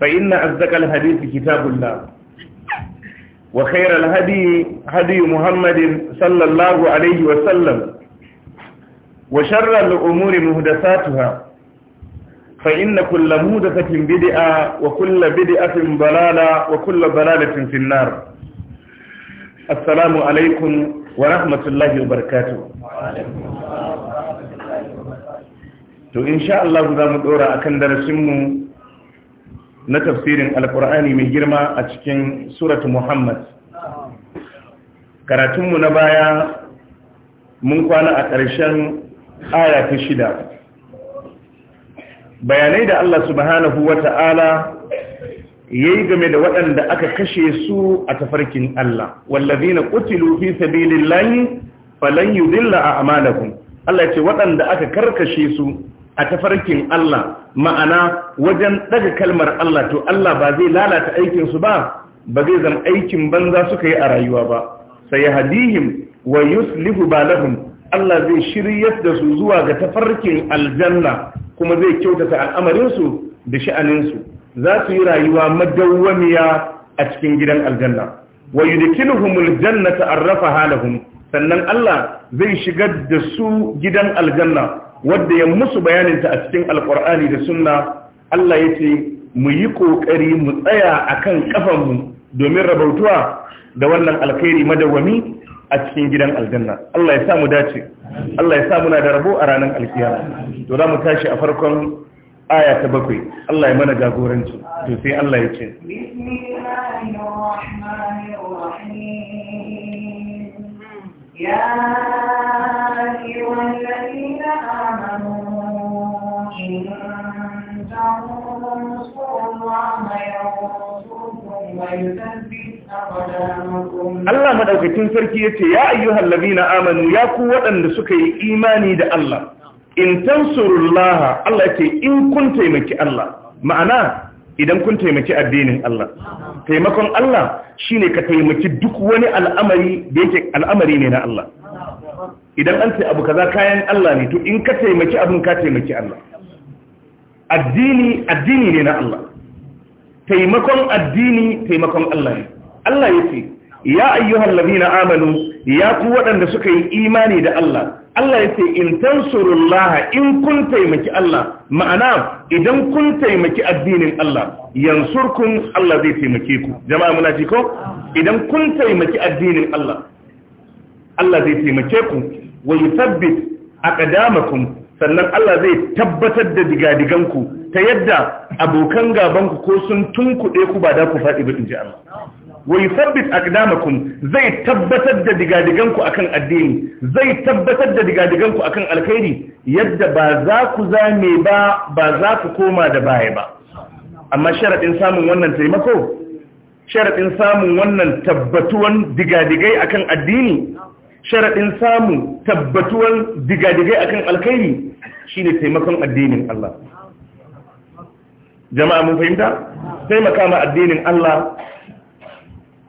فإن أصدق الحديث كتاب الله وخير الهدي هدي محمد صلى الله عليه وسلم وشر الأمور مهدساتها فإن كل مهدسة بدئة وكل بدئة ضلالة وكل ضلالة في النار السلام عليكم ورحمة الله وبركاته to insha Allah za mu dora akan darasinmu na tafsirin alkur'ani mai girma a cikin suratu muhammad karatunmu na baya mun kwana a ƙarshen aya shida bayanai da allah subhanahu wa ta'ala ya yi game da waɗanda aka kashe su a tafarkin allah wallazi na ƙutilu fi sabilillahi falan yudilla a amalakun allah ce waɗanda aka karkashe su a tafarkin Allah ma'ana wajen daga kalmar Allah to Allah ba zai lalata aikinsu ba ba zai zama aikin banza suka yi a rayuwa ba sai hadihim wa yuslihu balahum Allah zai shiryar da su zuwa ga tafarkin aljanna kuma zai kyautata al'amarinsu da sha'aninsu za su yi rayuwa madawwamiya a cikin gidan aljanna wa yudkiluhumul jannata arrafa halahum sannan Allah zai shigar da su gidan aljanna wadda ya musu bayaninta a cikin alkur'ani da sunna Allah ya ce mu yi ƙoƙari mu tsaya a kan ƙafanmu domin rabautuwa da wannan alkhairi madawwami a cikin gidan aljanna Allah ya sa mu dace Allah ya sa muna da rabo a ranar alkiyama to za mu tashi a farkon aya ta bakwai Allah ya mana jagoranci to sai Allah ya ce Allah madaukakin sarki yace ya ayyuhal ladina amanu ya ku waɗanda suka yi imani da Allah in tansurullaha Allah yace in kun taimaki Allah ma'ana idan kun taimaki addinin Allah taimakon Allah shine ka taimaki duk wani al'amari da yake al'amari ne na Allah idan an ce abu kaza kayan Allah ne to in ka taimaki abin ka taimaki Allah addini addini ne na Allah taimakon addini taimakon Allah ne Allah yake ya ayyuhal ladina amanu ya ku waɗanda suka yi imani da Allah Allah ya ce in tansurullaha in kun taimaki Allah ma'ana idan kun taimaki addinin Allah yansurkum Allah zai taimake ku jama'a muna ji ko idan kun taimaki addinin Allah Allah zai taimake ku wa yuthabbit aqdamakum sannan Allah zai tabbatar da digadigan ku ta yadda abokan gabanku ko sun tunkuɗe ku ba da ku faɗi ba inji Allah wa yusabbit aqdamakum zai tabbatar da digadiganku akan addini zai tabbatar da digadiganku akan alkhairi yadda ba za ku zame ba ba za ku koma da baya ba amma sharadin samun wannan taimako sharadin samun wannan tabbatuwan digadigai akan addini sharadin samun tabbatuwan digadigai akan alkhairi shine taimakon addinin Allah jama'a mun fahimta taimaka ma addinin Allah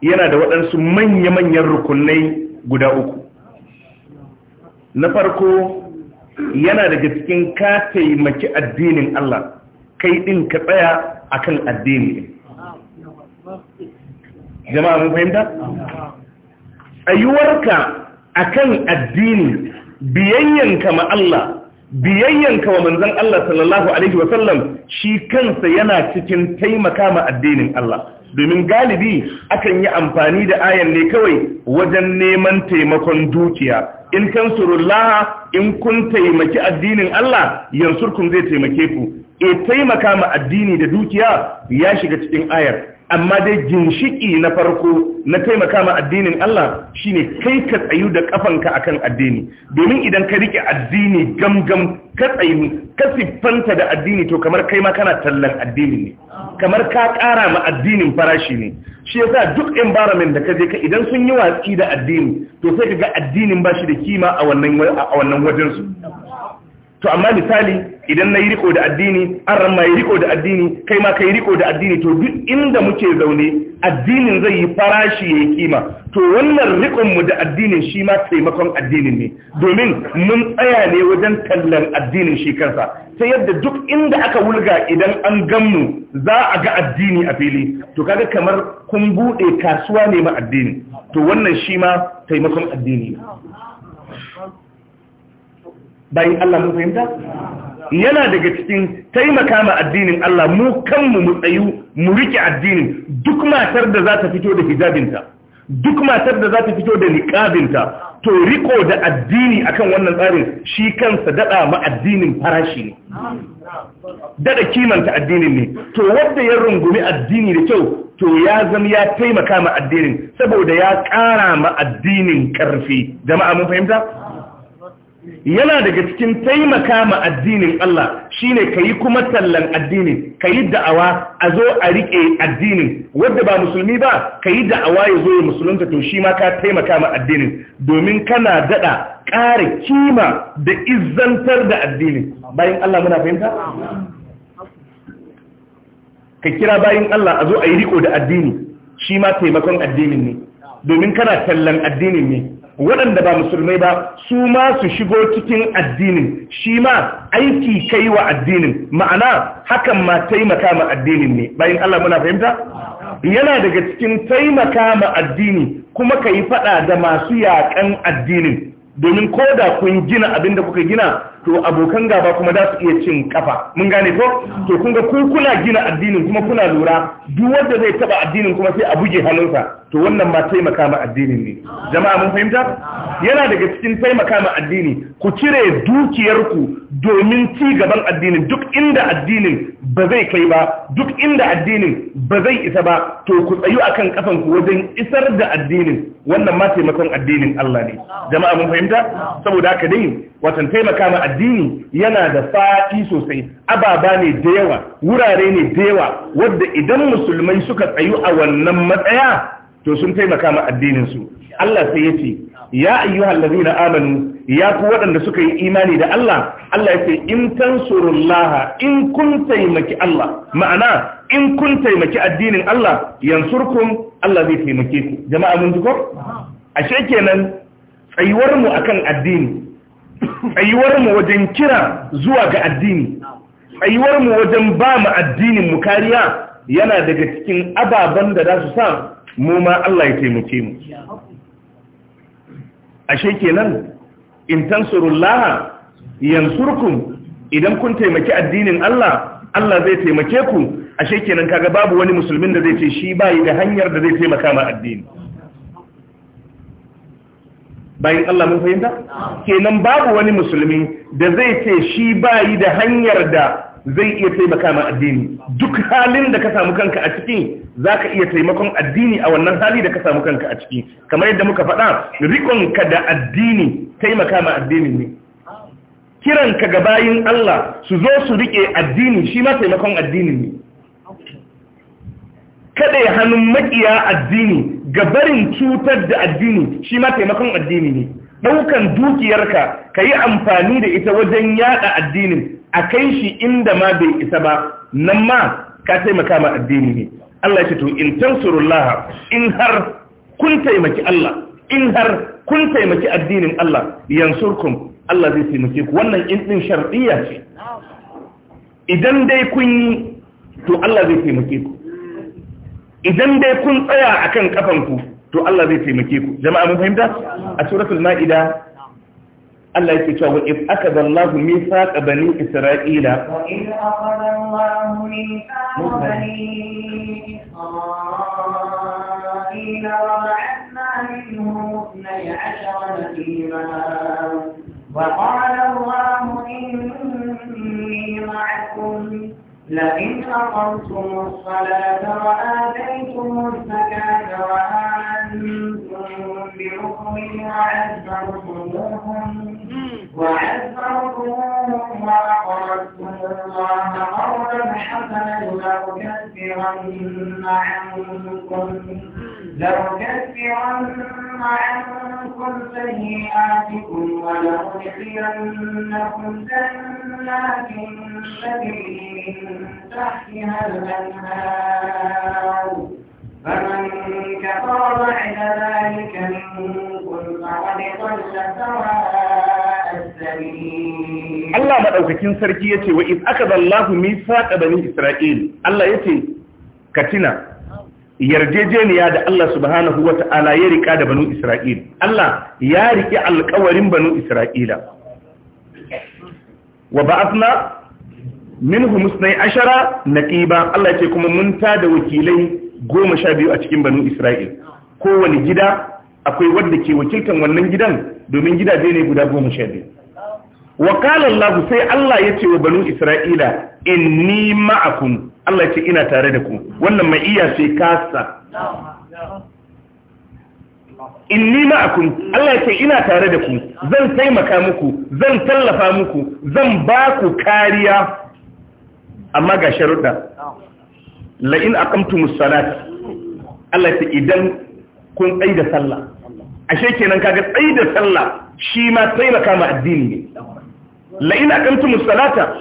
yana da waɗansu manya-manyan rukunai guda uku na farko yana daga cikin ka taimaki addinin Allah kai ɗin ka tsaya akan addini jama'a mun fahimta tsayuwarka akan addini biyayyanka ma Allah biyayyanka wa manzan Allah sallallahu alaihi wasallam shi kansa yana cikin taimaka ma addinin Allah domin galibi akan yi amfani da ayan ne kawai wajen neman taimakon dukiya in kan Laha, in kun taimaki addinin Allah yansurkun zai taimake ku e taimaka ma addini da dukiya ya shiga cikin ayar amma dai ginshiki na farko na taimaka ma addinin Allah shine kai ka tsayu da kafanka akan addini domin idan ka rike addini gamgam ka tsayu ka siffanta da addini to kamar kai ma kana tallan addini ne kamar ka ƙara ma addinin farashi ne shi yasa duk environment da ka je ka idan sun yi watsi da addini to sai ka ga addinin ba shi da kima a wannan wajen su to amma misali idan na yi riko da addini an ramma ya riko da addini kai ma ka yi riko da addini to duk inda muke zaune addinin zai yi farashi ya yi kima to wannan rikonmu da addinin shi ma taimakon addinin ne domin mun tsaya ne wajen tallan addinin shi kansa ta yadda duk inda aka wulga idan an gammu za a ga addini a fili to kaga kamar kun buɗe kasuwa ne ma addini to wannan shi ma taimakon addini bayan Allah mun fahimta yana daga cikin taimaka ma addinin Allah mu kanmu mu tsayu mu rike addinin duk matar da za ta fito da hijabinta duk matar da za ta fito da niƙabinta, to riko da addini akan wannan tsarin shi kansa daɗa ma addinin farashi ne dada kimanta addinin ne to wadda ya rungumi addini da kyau to ya zama ya taimaka ma addinin saboda ya ƙara ma addinin ƙarfi. jama'a mun fahimta yana daga cikin taimaka ma addinin Allah shine yi kuma tallan addinin ka yi da'awa a zo a riƙe addinin wadda ba musulmi ba ka yi da'awa ya zo ya musulunta to shi ma ka taimaka ma addinin domin kana daɗa ƙara kima da izantar da addinin bayan Allah muna fahimta ka kira bayan Allah a zo a yi riko da addini shi ma taimakon addinin ne domin kana tallan addinin ne waɗanda ba musulmai ba su ma su shigo cikin addinin shi ma aiki kai wa addinin ma'ana hakan ma taimaka ma addinin ne bayan Allah muna fahimta yana daga cikin taimaka ma addini kuma ka yi faɗa da masu yaƙan addinin domin ko da kun gina abin da kuka gina to abokan gaba kuma za su iya cin kafa mun gane ko to kun ga ku kuna gina addinin kuma kuna lura duk wanda zai taɓa addinin kuma sai a buge hannunsa to wannan ma taimaka ma addini ne jama'a mun fahimta yana daga cikin taimaka ma addini ku cire dukiyarku domin ci gaban addini duk inda addinin ba zai kai ba duk inda addinin ba zai isa ba to ku tsayu akan kafan ku wajen isar da addinin wannan ma taimakon addinin Allah ne jama'a mun fahimta saboda haka dai watan taimaka ma addini yana da fa'i sosai ababa ne da yawa wurare ne da yawa wanda idan musulmai suka tsayu a wannan matsaya to sun taimaka ma addinin su Allah sai yace ya ayyuhal ladina amanu ya ku waɗanda suka yi imani da Allah Allah yace in tansurullaha in kun taimaki Allah ma'ana in kun taimaki addinin Allah yansurkum Allah zai taimake ku jama'a mun ji ko ashe kenan tsayuwar mu akan addini tsayuwar mu wajen kira zuwa ga addini tsayuwar mu wajen ba mu addinin mu kariya yana daga cikin ababen da za su sa mu ma Allah ya taimake mu ashe kenan in tansurullaha yansurkum idan kun taimaki addinin Allah Allah zai taimake ku ashe kenan kaga babu wani musulmin da zai ce shi bai da hanyar da zai taimaka ma addini bayan Allah mun fahimta kenan babu wani musulmi da zai ce shi bai da hanyar da zai iya taimaka ma addini duk halin da ka samu kanka a ciki za ka iya taimakon addini a wannan hali da ka samu kanka a ciki kamar yadda muka faɗa rikonka da addini taimaka ma addini ne kiranka ga bayin Allah su zo su rike addini shi ma taimakon addini ne ya hannun makiya addini ga barin cutar da addini shi ma taimakon addini ne ɗaukan dukiyarka ka yi amfani da ita wajen yada addinin a kai shi inda ma bai isa ba nan ma ka taimaka ma addini ne Allah ce to in tansurullah in har kun taimaki Allah in har kun taimaki addinin Allah yansurkum Allah zai taimake ku wannan in din shar'iyya ce idan dai kun yi to Allah zai taimake ku idan dai kun tsaya akan kafanku to Allah zai taimake ku jama'a mun fahimta a suratul maida Allah yake cewa if akada Allah mithaqa bani Isra'ila wa in akada Allah mithaqa bani Isra'ila wa ba'athna minhum 12 nabiya wa qala Allah inni ma'akum لئن أقمتم الصلاة وآتيتم الزكاة وآمنتم برسلي وعزرتموهم وعزرتموهم وأقرضتم الله قرضا حسنا لأكفرن عنكم لأكفرن عنكم سيئاتكم ولأدخلنكم جنات تجري من تحتها الأنهار فمن كفر بعد ذلك منكم فقد ضل سواء السبيل الله مدوكاكين sarki yace wa iz akada Allah mithaqa bani Isra'il Allah yace katina yarjejeniya da Allah subhanahu wa ta'ala ya rika da banu Isra'il Allah ya rike alkawarin banu Isra'ila wa ba'athna minhum musnai ashara naqiba Allah ce kuma mun da wakilai goma sha biyu a cikin banu Isra'il kowane gida akwai wanda ke wakiltan wannan gidan domin gidaje ne guda goma sha biyu wa qala Allah sai Allah ya ce wa banu Isra'ila inni ma'akum Allah ce ina tare da ku wannan mai iya sai kasa In inni ma'akum Allah ce ina tare da ku zan taimaka muku zan tallafa muku zan ba ku kariya amma ga sharuɗa la'in aqamtumus salat Allah ce idan kun tsaye da sallah ashe kenan kaga tsaye da sallah shi ma taimaka ma addini ne la'in aqamtumus salata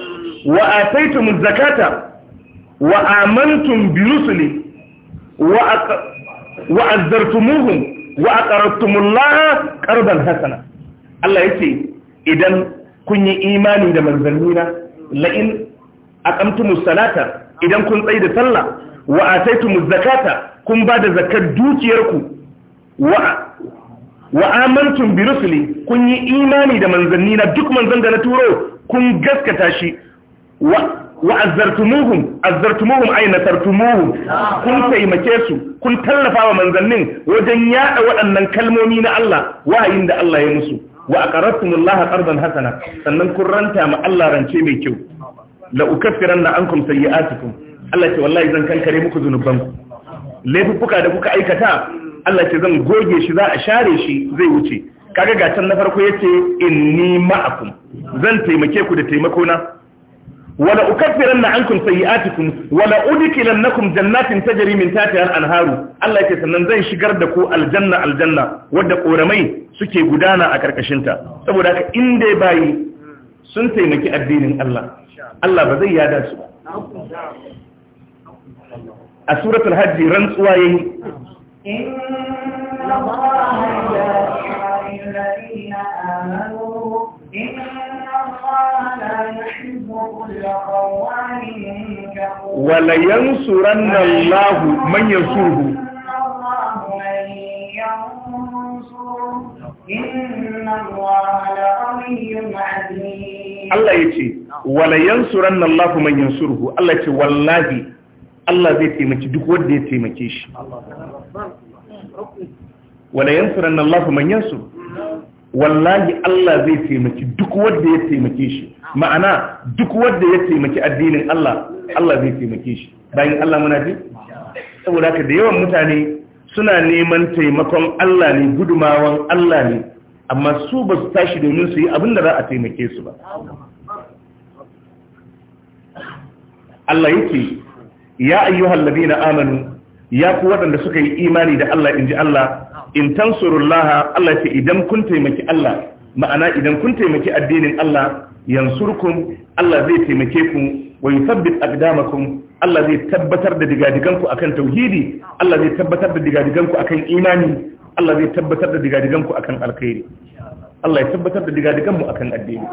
wa ataytumuz zakata wa amantum bi rusuli wa azzartumuhum wa aqartumullaha qardan hasana Allah yake idan kun yi imani da manzannina la in aqamtumus salata idan kun tsaye da sallah wa ataitumuz zakata kun ba da zakar dukiyarku wa amantum bi rusuli kun yi imani da manzannina duk manzon da na turo kun gaskata shi wa wa azzartumuhum azzartumuhum ay nasartumuhum kun taimake su kun tallafa wa manzannin wajen yada waɗannan kalmomi na Allah wahayin da Allah ya musu wa aqarrtumullaha qardan hasana sannan kun ranta ma Allah rance mai kyau la ukaffiranna ankum sayyi'atikum Allah ce wallahi zan kankare muku zunubanku laifuffuka da kuka aikata Allah ce zan goge shi za a share shi zai wuce kaga gatan na farko yace inni ma'akum zan taimake ku da taimakona wala ukaffiranna ankum sayi'atikum wala nakun jannatin tajri min tahtiha al-anharu Allah yake sannan zan shigar da ku aljanna aljanna wadda koramai suke gudana a karkashin ta saboda haka inda bayi sun taimaki addinin Allah Allah ba zai yada su a suratul hajji rantsuwa yayi inna suran yansuranna lahu manyan yansuruhu Allah ya ce, Wala suran nan lafi manyan yansuruhu, Allah ce, Wallahi, Allah zai taimaki duk wanda ya taimake shi. Wala suran nan lafi manyan yansuruhu. wallahi Allah zai taimaki duk wanda ya taimake shi ma'ana duk wanda ya taimaki addinin Allah Allah zai taimake shi bayan Allah muna ji saboda haka da yawan mutane suna neman taimakon Allah ne gudumawan Allah ne amma su ba su tashi domin su yi abin da za a taimake su ba Allah yake ya ayyuhal ladina amanu ya fi waɗanda suka yi imani da Allah in ji Allah in tansurullaha Allah ce idan kun taimaki Allah ma'ana idan kun taimaki addinin Allah yansurkum Allah zai taimake ku wa yuthabbit aqdamakum Allah zai tabbatar da digadiganku akan tauhidi Allah zai tabbatar da digadiganku akan imani Allah zai tabbatar da digadiganku akan alkhairi Allah ya tabbatar da digadigan mu akan addini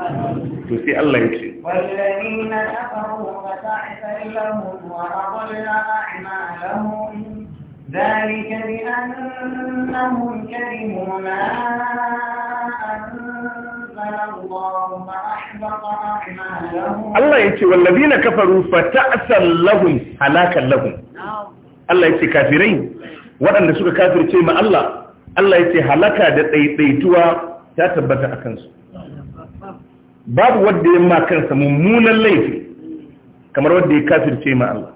to sai Allah ya ce Allah ya ce na kafaru halakan Allah ya ce kafirai waɗanda suka kafirce ma Allah Allah ya ce halaka da ɗaiɗaituwa ta tabbata a kansu babu wadda ya ma kansa mummunan laifi kamar wadda ya kafirce ma Allah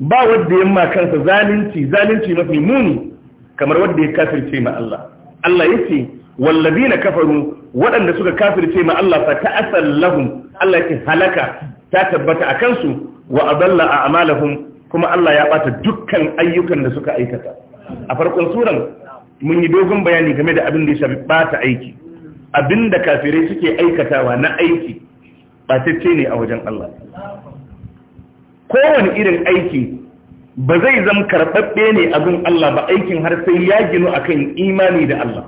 ba wadda ya ma kansa zalunci zalunci mafi muni kamar wadda ya kafirce ma Allah Allah yake wallazina kafaru waɗanda suka kafirce ma Allah fa ta'asal lahum Allah yake halaka ta tabbata a kansu wa adalla a'malahum kuma Allah ya bata dukkan ayyukan da suka aikata a farkon suran mun yi dogon bayani game da abin da ya shafi bata aiki abin da kafirai suke aikatawa na aiki batacce ne a wajen Allah kowane irin aiki ba zai zama karɓaɓɓe ne gun Allah ba aikin har sai ya ginu kan imani da Allah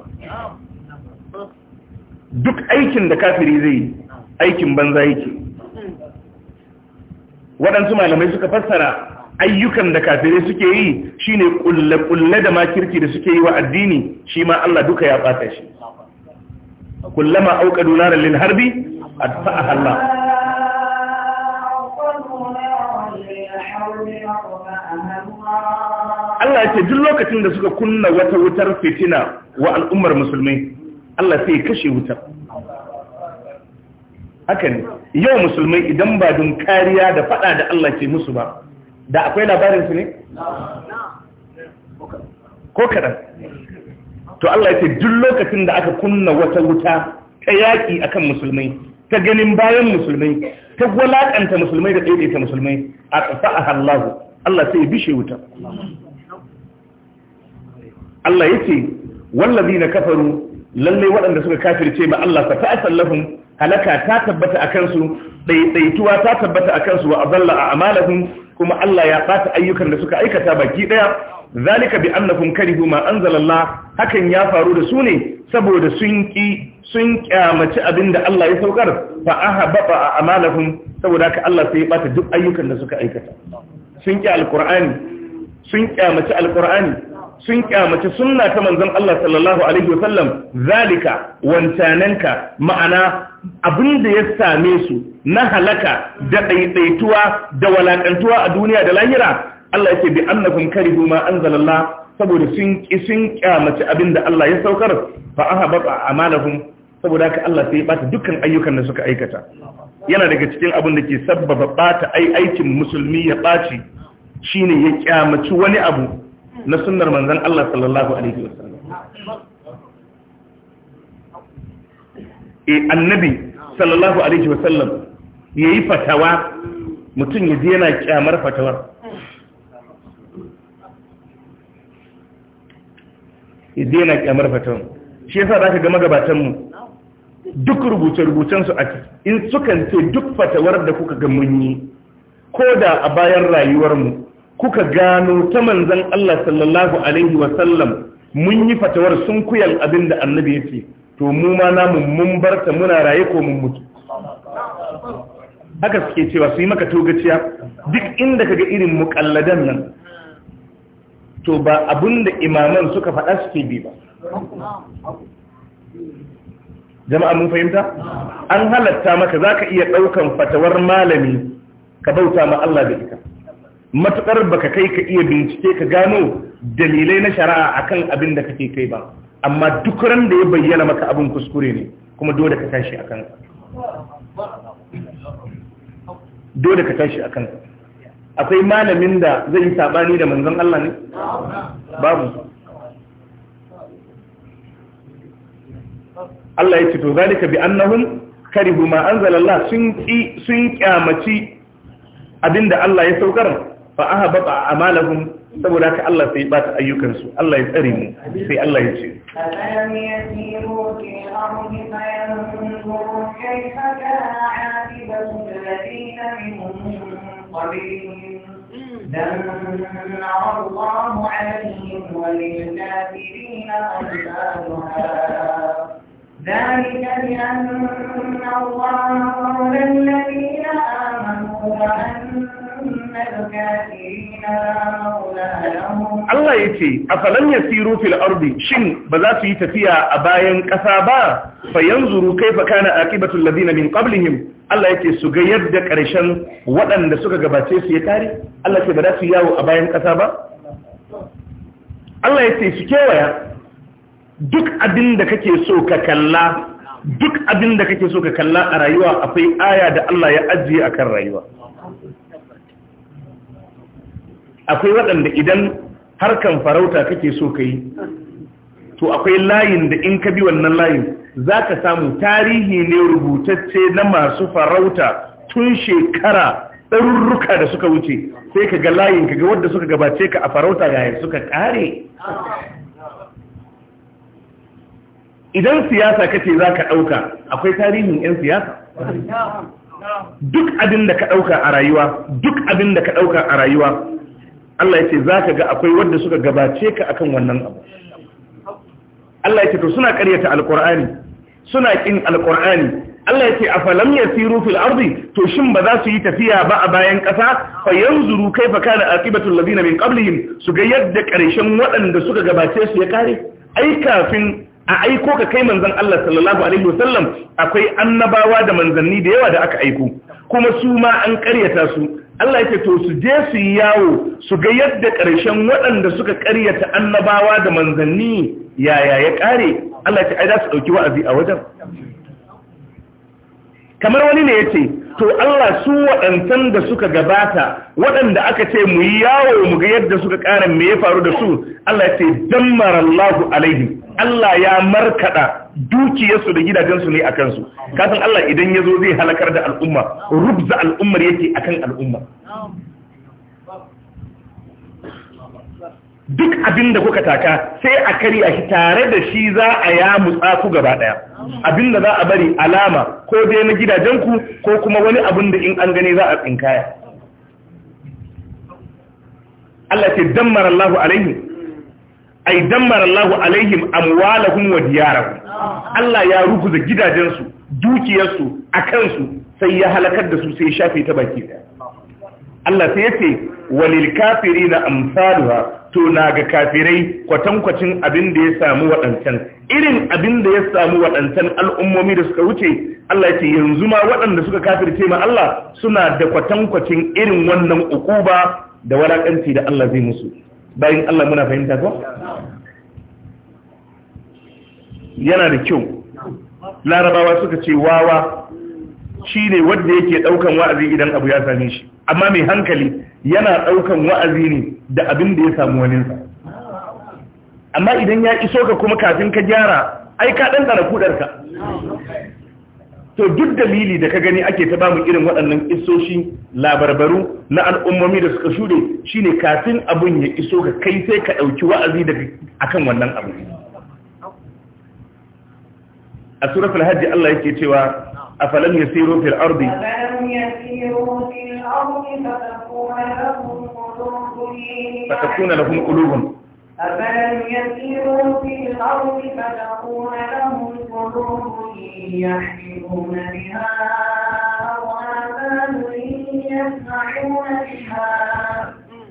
duk aikin da kafiri zai yi aikin banza yake waɗansu malamai suka fassara ayyukan da kafirai suke yi shine kulle ƙulle da makirki da suke yi wa addini shi ma Allah duka ya bata shi kullama auqadu naral lil harbi atfa'aha Allah Allah ce duk lokacin da suka kunna wata wutar fitina wa al'ummar musulmai Allah sai kashe wutar haka ne yau musulmai idan ba dun kariya da fada da Allah ke musu ba da akwai labarin su ne ko kaɗan. to Allah ya ce duk lokacin da aka kunna wata wuta ta yaki akan musulmai ta ganin bayan musulmai ta walakanta musulmai da daidaita musulmai a tsafa'aha Allah Allah sai bishe wuta Allah ya ce wallazi na kafaru lalle waɗanda suka kafirce ba Allah fa ta'asallahum halaka ta tabbata akan su daidaituwa ta tabbata akan su wa azalla a'malahum kuma Allah ya ɓata ayyukan da suka aikata baki ɗaya zalika bi annakum karihu ma anzalallah hakan ya faru da su ne saboda sun ki sun kyamaci Allah ya saukar fa ahabba amalakum saboda haka Allah sai ya bata duk ayyukan da suka aikata sun ki alqur'ani sun kyamaci alqur'ani sun kyamaci sunna ta manzon Allah sallallahu alaihi wasallam zalika wantananka ma'ana abin da ya same su na halaka da ɗaiɗaituwa da walaƙantuwa a duniya da lahira Allah yake bi annakum karihu ma anzalallah saboda sun ki sun kyamaci abin da Allah ya saukar fa ahabata amalahum saboda haka Allah sai ya bata dukkan ayyukan da suka aikata yana daga cikin abin da ke sabbaba bata ai aikin musulmi ya baci shine ya kyamaci wani abu na sunnar manzon Allah sallallahu alaihi wasallam Eh, annabi sallallahu alaihi wasallam ya yi fatawa mutum ya yana kyamar fatawar ya yana kyamar fatawar shi yasa za ka magabatan mu duk rubuce su a in suka ce duk fatawar da kuka ga mun yi ko da a bayan rayuwarmu kuka gano ta manzan Allah sallallahu alaihi wasallam mun yi fatawar sun kuyal abin da annabi ya ce to mu ma namu mun barta muna raye ko mun mutu haka suke cewa su yi maka togaciya duk inda kaga irin mukalladan nan to ba abinda imaman suka faɗa suke bi ba jama'a mun fahimta an halatta maka zaka iya ɗaukan fatawar malami ka bauta ma Allah da ita matukar baka kai ka iya bincike ka gano dalilai na shari'a akan abin da kake kai ba amma duk ran da ya bayyana maka abin kuskure ne kuma dole ka tashi a kanka dole ka tashi a kanka akwai malamin da zai yi sabani da manzon Allah ne babu Allah ya ce to zalika bi annahum karihu ma anzalallah sun sun kyamaci abinda Allah ya saukar fa ahabata amalahum saboda haka Allah sai bata ayyukan su Allah ya tsare mu sai Allah ya ce ذلك بأن الله مولى الذين آمنوا وأن Allah ya ce, A falon ya siro fil ardi, shin ba za su yi tafiya a bayan ƙasa ba, fa yanzu kai fa na aqibatul ladina min qablihim Allah ya ce su ga yadda ƙarshen waɗanda suka gabace su ya tare, Allah ce ba za su yawo a bayan ƙasa ba? Allah ya ce su kewaya, duk abin da kake so ka kalla, duk abin da kake so ka kalla a rayuwa akwai aya da Allah ya ajiye a kan rayuwa. akwai waɗanda idan harkan farauta kake so ka yi to akwai layin da in ka bi wannan layin za ka samu tarihi ne rubutacce na masu farauta tun shekara ɗarurruka da suka wuce sai ka ga layin ka ga wadda suka gabace ka a farauta yayin suka ƙare idan siyasa kace za ka ɗauka akwai tarihin 'yan siyasa duk abin ɗauka a rayuwa duk abin da ka ɗauka a rayuwa Allah ya ce za ka ga akwai wanda suka gabace ka akan wannan abu Allah ya ce to suna karyata alkur'ani suna kin alkur'ani Allah ya ce a falam ya siru fil ardi to shin ba za su yi tafiya ba a bayan ƙasa fa yanzuru kaifa kana aqibatul ladina min qablihim su ga yadda ƙarshen waɗanda suka gabace su ya kare ai kafin a aiko ka kai manzon Allah sallallahu alaihi wasallam akwai annabawa da manzanni da yawa da aka aiko kuma su ma an karyata su Allah yake to su je su yi yawo su ga yadda ƙarshen waɗanda suka ƙaryata annabawa da manzanni yaya ya ƙare Allah yake ai za su ɗauki wa'azi a wajen kamar wani ne ya ce to Allah su waɗantan da suka gabata waɗanda aka ce mu yi yawo mu ga yadda suka ƙara me ya faru da su Allah ya ce dammar Allahu alaihim Allah ya markaɗa dukiyarsu da gidajensu ne a kansu kasan Allah idan ya zo zai halakar da al'umma rubza al'ummar yake kan al'umma duk abin da kuka taka sai a karya shi tare da shi za a ya mutsa ku gaba ɗaya. abin da za a bari alama ko dai na gidajenku ko kuma wani abin da in an gane za a tsinkaya Allah ce dammar Allahu alaihi ai dammar Allahu alaihim amwalahum wa diyarahum Allah ya ruguza gidajensu dukiyarsu a kansu sai ya halakar da su sai ya shafe ta baki da Allah sai yace walil kafirina amsaluha to naga ga kafirai kwatankwacin abin da ya samu waɗancan irin abin da ya samu waɗancan al'ummomi da suka wuce Allah ce yanzu ma waɗanda suka kafirce ma Allah suna da kwatan-kwacin irin wannan ukuba da walakanci da Allah zai musu bayan Allah muna fahimta ko yana da kyau larabawa suka ce wawa shi ne wanda yake daukan wa'azi idan abu ya same shi amma mai hankali yana daukan wa'azi ne da abin da ya samu waninsa amma idan ya iso ka kuma kafin ka gyara ai ka ɗan ɗara kudarka To duk dalili da ka gani ake ta bamu irin waɗannan isoshi labarbaru na al'ummomi da suka shure shine kafin abun ya iso ka kai sai ka ɗauki wa'azi daga akan wannan abu a surat alhaji Allah yake cewa a falon ya yasiru fil ardi fatakuna lahum qulubun أفلم يسيروا في الأرض فتكون لهم قلوب يحكمون بها أو آذان يسمعون بها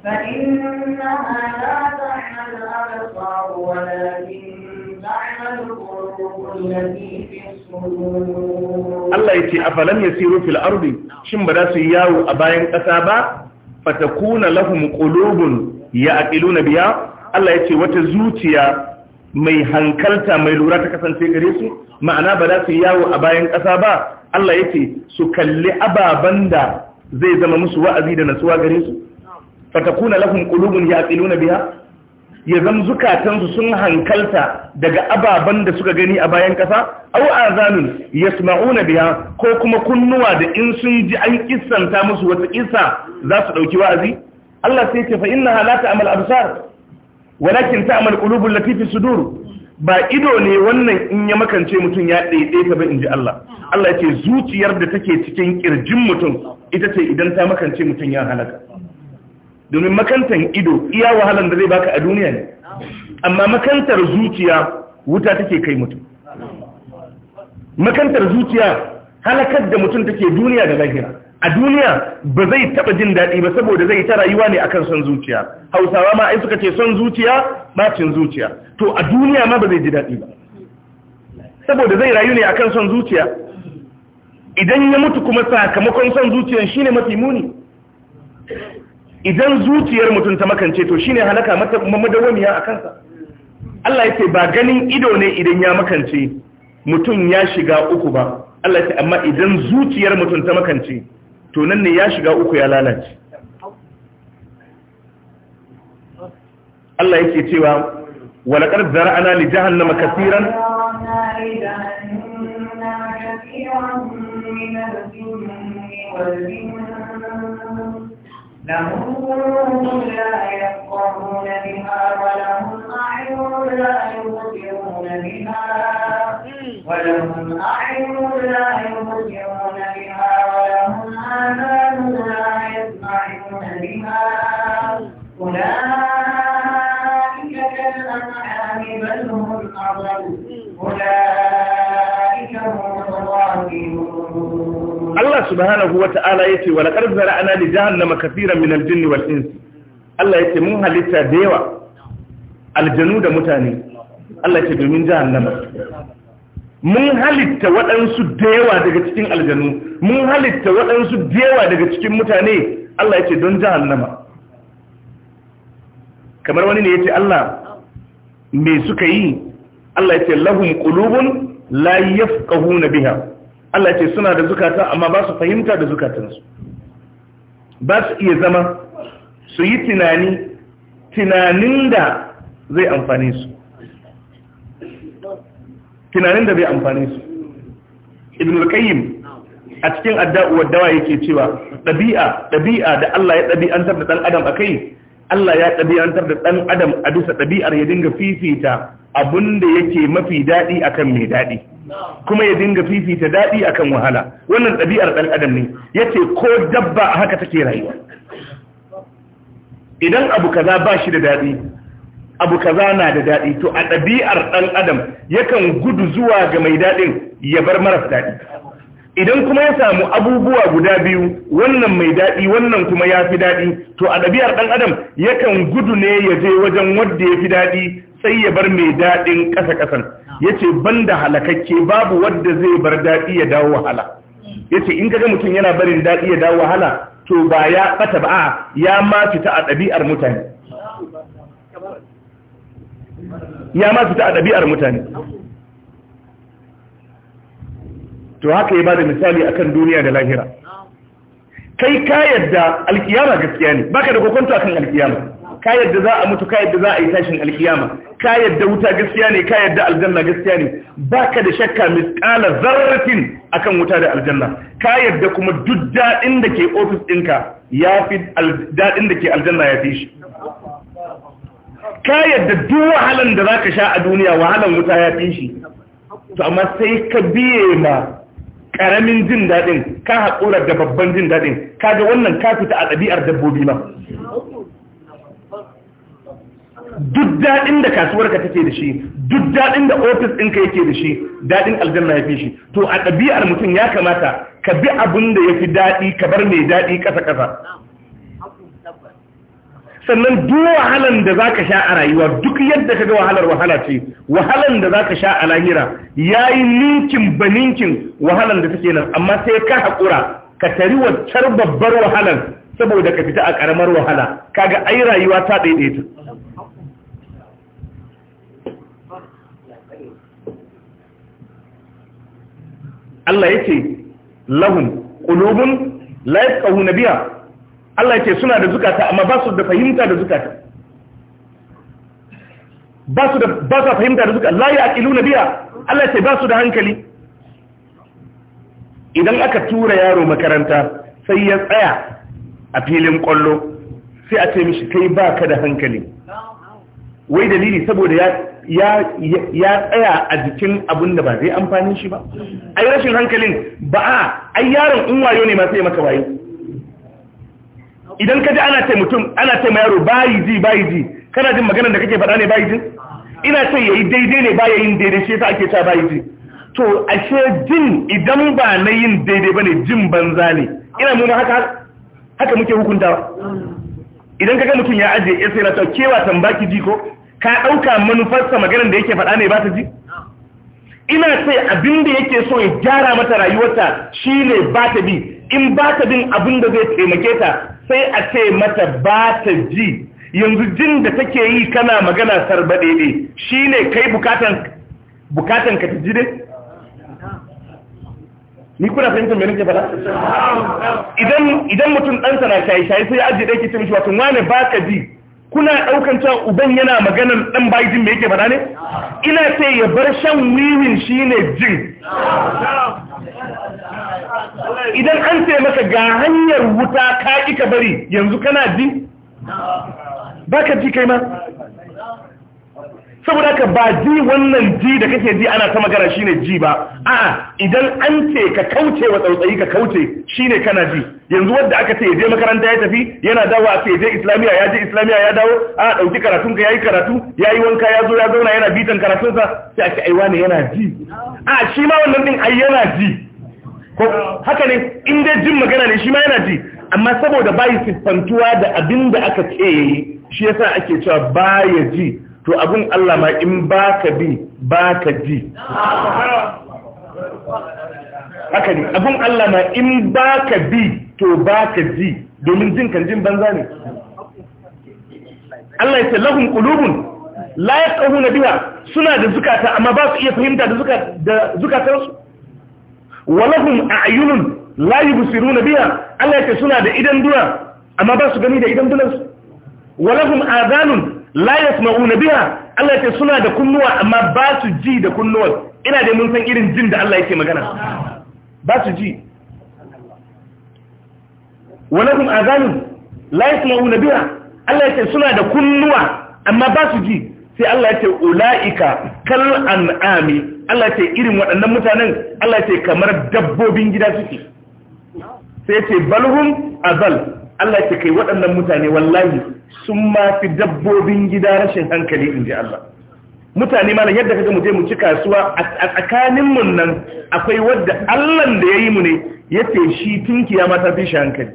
فإنها لا تعمى الأبصار ولكن Allah ya ce, "Afalan ya siro fil ardi, shin ba za su yi yawo a bayan ƙasa ba, fatakuna lahum qulubun ya aqilu na biya, Allah ya ce wata zuciya mai hankalta mai lura ta kasance gare su ma'ana ba za su yawo a bayan ƙasa ba Allah ya ce su kalli ababen da zai zama musu wa'azi da nasuwa gare su fatakuna lahum qulubun yaqiluna biha ya zam zukatansu sun hankalta daga ababen da suka gani a bayan ƙasa aw azanun yasma'una biha ko kuma kunnuwa da in sun ji an kissanta musu wata kissa za su dauki wa'azi Allah sai ya ce fa innaha la ta'mal absar walakin ta ta'mal qulubul latifi sudur ba ido ne wannan in ya makance mutum ya ka ba inji Allah Allah yake zuciyar da take cikin kirjin mutum ita ce idan ta makance mutum ya halaka domin makantan ido iya wahalan da zai baka a duniya ne amma makantar zuciya wuta take kai mutum makantar zuciya halakar da mutum take duniya da lahira a duniya ba zai taba jin daɗi ba saboda zai ta rayuwa ne akan son zuciya hausawa ma ai suka ce son zuciya bacin zuciya to a duniya ma ba zai ji daɗi ba saboda zai rayu ne akan son zuciya idan ya mutu kuma sakamakon son zuciyar shine mafi muni idan zuciyar mutum ta makance to shine halaka mata madawamiya a kansa Allah ya ce ba ganin ido ne idan ya makance mutum ya shiga uku ba Allah ya ce amma idan zuciyar mutum ta makance to nan ne ya shiga uku ya lalace Allah yake cewa walaqad zara'ana li jahannama kaseeran لهم لا يفقهون بها ولهم أعين لا يبصرون بها ولهم أعين لا يبصرون بها ولهم الله سبحانه وتعالى يتي ولقد زرعنا لجهنم كثيرا من الجن والإنس الله يتي من ديوة aljanu da mutane Allah ce domin mun halitta waɗansu da yawa daga cikin aljanu mun halitta waɗansu da yawa daga cikin mutane Allah ya ce don jahannama kamar wani ne ya ce Allah mai suka yi Allah ya ce lahum layyaf ƙahu na biya. Allah ya ce suna da zukata amma ba su fahimta da zukatansu ba su iya zama su yi tunani tunanin da zai amfani su tunanin da bai amfani su ibn al-qayyim a cikin adda'u wa dawa yake cewa dabi'a dabi'a da Allah ya dabi'antar da dan adam akai Allah ya dabi'antar da dan adam a bisa dabi'ar ya dinga fifita abunda yake mafi dadi akan mai dadi kuma ya dinga fifita dadi akan wahala wannan dabi'ar dan adam ne yace ko dabba haka take rayuwa idan abu kaza ba shi da dadi abu kaza na da daɗi to a ɗabi'ar ɗan adam yakan gudu zuwa ga mai daɗin ya bar maras daɗi idan kuma ya samu abubuwa guda biyu wannan mai daɗi wannan kuma ya fi daɗi to a ɗabi'ar ɗan adam yakan gudu ne ya je wajen wanda ya fi daɗi sai ya bar mai daɗin ƙasa-ƙasan ya ce ban da halakakke babu wadda zai bar daɗi ya dawo wahala ya ce in kaga mutum yana barin daɗi ya dawo wahala to ba ya ɓata ba ya ma fita a ɗabi'ar mutane ya ma fita a ɗabi'ar mutane to haka ya da misali akan duniya da lahira kai ka yadda alkiyama gaskiya ne baka da kokonto akan alkiyama ka yadda za a mutu ka yadda za a yi tashin alkiyama ka yadda wuta gaskiya ne ka yadda aljanna gaskiya ne baka da shakka misƙala, zarratin akan wuta da aljanna ka yadda kuma duk daɗin da ke ofis ɗinka ya fi daɗin da ke aljanna fi shi ka yadda duk wahalan da zaka sha a duniya wahalan wuta ya fi shi to amma sai ka biye ma karamin jin daɗin ka haƙura da babban jin daɗin ka ga wannan ka fita a ɗabi'ar dabbobi ma duk daɗin da kasuwarka take da shi duk daɗin da ofis ɗinka yake da shi daɗin aljanna ya fi shi to a ɗabi'ar mutum ya kamata ka bi abin da ya fi daɗi ka bar mai daɗi ƙasa-ƙasa sannan duk wahalan da za ka sha a rayuwa duk yadda ka ga wahalar wahala ce wahalan da za ka sha a lahira ya yi ninkin ba ninkin wahalan da take nan amma sai ka haƙura ka tari waccar babbar wahalar saboda ka fita a ƙaramar wahala kaga ai rayuwa ta ɗaiɗaita Allah ya ce lahun ƙulubun la na biya Allah ya ce suna da zukata amma ba su da fahimta da zukata ba su da ba su fahimta da zukata la yaqiluna biya Allah ya ce ba su da hankali idan aka tura yaro makaranta sai ya tsaya a filin kwallo sai a ce mishi kai baka da hankali wai dalili saboda ya tsaya a jikin abin da ba zai amfani shi ba ai rashin hankalin ba a ai yaron in wayo ne ma sai maka wayo idan ka ji ana ce mutum ana ce ma yaro bayi ji bayi ji kana jin maganar da kake faɗa ne bayi ji ina ce yayi daidai ne bayi yin daidai shi yasa ake cewa bayi ji to ashe jin idan ba na yin daidai bane jin banza ne ina nuna haka haka muke hukuntawa idan kaga mutum ya aje ya sai na ta kewa tambaki ji ko ka dauka manufarsa maganar da yake faɗa ne ba ta ji ina ce abin da yake so ya gyara mata rayuwarta shine ba ta bi in ba ta bin abin da zai taimake ta sai a ce mata ba ta ji yanzu jin da take yi kana magana sarbaɗe shi ne kai bukatan ka ta ji dai ni kuna fahimtar me nake fara idan mutum ɗansa na shaye-shaye sai ya ajiye ɗaya ke shi mishi watan wane ba ka ji kuna ɗaukan cewa uban yana maganar ɗan bai jin yake faɗa ne ina ce ya bar shan wiwin shine jin idan an ce maka ga hanyar wuta ka ika bari yanzu kana ji ka ji kai ma saboda ka ba ji wannan ji da kake ji ana ta magana shine ji ba a'a idan an ce ka kauce wa tsautsayi ka kauce shine kana ji yanzu wanda aka ce je makaranta ya tafi yana dawo a ce je islamiya ya je islamiya ya dawo a dauki karatun ka yayi karatu yayi wanka ya zo ya zauna yana bitan karatun sa sai a ce ai wani yana ji a shi ma wannan din ai yana ji ko haka ne in dai jin magana ne shi ma yana ji amma saboda bai sifantuwa da abinda da aka ce yayi shi yasa ake cewa baya ji to abun Allah ma in baka bi baka ji haka ne abun Allah ma in baka bi to baka ji domin jin kan jin banza ne Allah ya ce lahum qulubun la yaqahuna biha suna da zukata amma ba su iya fahimta da zukata da a wa lahum a'yunun la yubsiruna biha Allah ya ce suna da idan duna amma ba su gani da idan dunansu wa lahum adhanun la yasma'una biya? Allah ya ce suna da kunnuwa amma ba su ji da kunnuwan ina da mun san irin jin da Allah ya ce magana ba su ji walahum azanun la yasma'una biya? Allah ya ce suna da kunnuwa amma ba su ji sai Allah ya ce ula'ika kal an'ami Allah ya ce irin waɗannan mutanen Allah ya ce kamar dabbobin gida suke sai ya ce balhum azal Allah ya kai waɗannan mutane wallahi sun ma fi dabbobin gida rashin hankali in ji Allah mutane mana yadda kaga mu je mu ci kasuwa a tsakanin mu nan akwai wadda Allah da yi mu ne ya ce shi tinkiya ma ta fi shi hankali